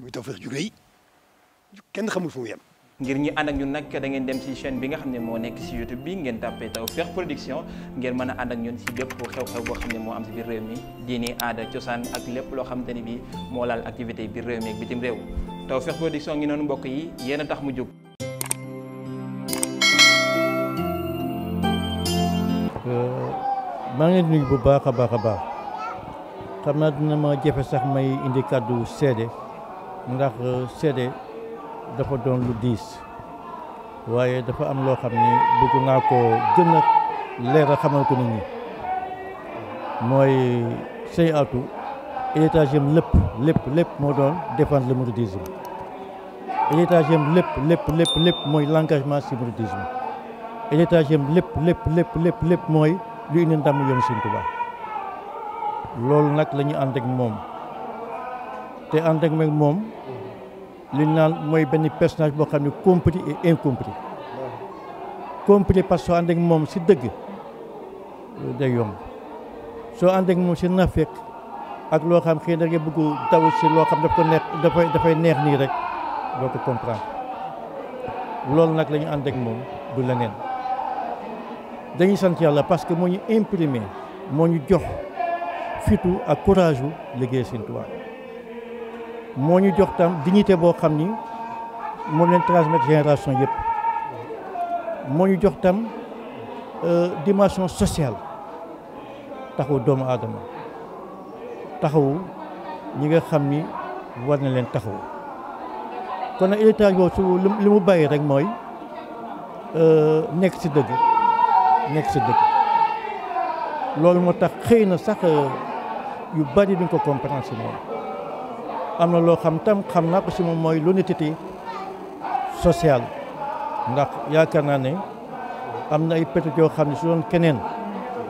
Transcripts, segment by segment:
muy Tawfekh ju rëy kenn xamul fu mu ngir ñi ànd ak ñun nag dangeen dem ci chaîne bi nga xam ne moo nekk ci YouTube bi ngeen tàppee Tawfekh Production ngeen mën a ànd ak ñun ci bépp xew-xew boo xam ne moo am ci biir réew mi diini aada cosaan ak lépp loo xamante ni bi moo laal activité biir réew mi ak bitim réew Tawfekh Production ngi noonu mbokk yi yéen a tax mu jóg. Euh, maa ngi nuyu bu baax a baax a baax xam naa dina ma jafe sax may indi kàddu seede. ndax seede dafa doon lu diis waaye dafa am loo xam ni bëgg naa koo gën a leeral xamal ko nit ñi mooy sëñ Atou héritage lépp lépp lépp moo doon défendre le mouridisme héritage am lépp lépp lépp lépp mooy l'engagement si mouridisme héritage lépp lépp lépp lépp lépp mooy lu indi ndam yoon Sëñ Tuubaa loolu nag lañuy ñu ànd moom te ànd ak moom li naan mooy benn personnage boo xam ne compris et incompris compris parce que soo ànd ak moom si dëgg day yomb soo ànd ak moom si nafeq ak loo xam xëy na nga bëgg daw si loo xam daf ko neex dafay dafay neex nii rek doo ko comprendre loolu nag la ñu ànd moom du leneen dañuy sant yàlla parce que moo ñu imprimé moo ñu jox fitu ak courage wu liggéey Sëñ moo ñu jox tam dignité boo xam ni moom leen transmettre génération yëpp moo ñu jox tam euh, dimension sociale taxaw doomu aadama taxawu ñi nga xam ni war na leen taxaw kon na héritage boobu su li mu bàyyi rek mooy euh, nekk si dëgg nekk si dëgg loolu moo tax xëy na sax euh, yu bari duñ ko comprendre ci moom am na loo xam tam xam naa ko si moom mooy l'honnêteté sociale ndax yaakaar naa ne am na ay pétrole yoo xam ne su doon keneen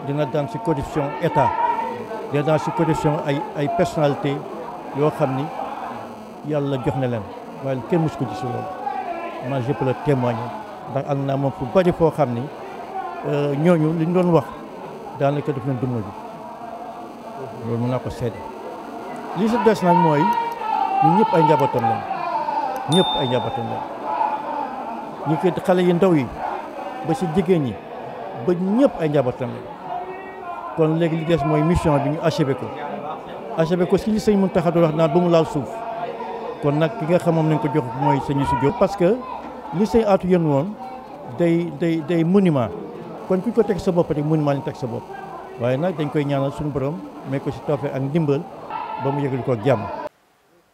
dina daan si corruption état dina daan si corruption ay ay personnalité yoo xam ni yàlla jox na leen waaye kenn mësu ko gis loolu man je peux le témoigner ndax ànd naa moom fu bari foo xam ni euh, ñooñu li ñu doon wax daanaka def na dund bi loolu mën naa ko seede li si des nag mooy ñun ñëpp ay njabootam lañ ñëpp ay njabootam lañ ñu fi xale yi ndaw yi ba si jigéen ñi ba ñëpp ay njabootam lañ kon léegi li des mooy mission bi ñu achevé ko achevé ko ci li sëñ Mountakha wax naan ba mu laal suuf kon nag ki nga xamoon nañ ko jox mooy sëñ si Diop parce que li sëñ aatu yéen woon day day day monument kon ku ko teg sa boppa rek monument lañ teg sa bopp waaye nag dañ koy ñaanal suñu borom may ko si tawfeex ak ndimbal ba mu yëgal ko jàmm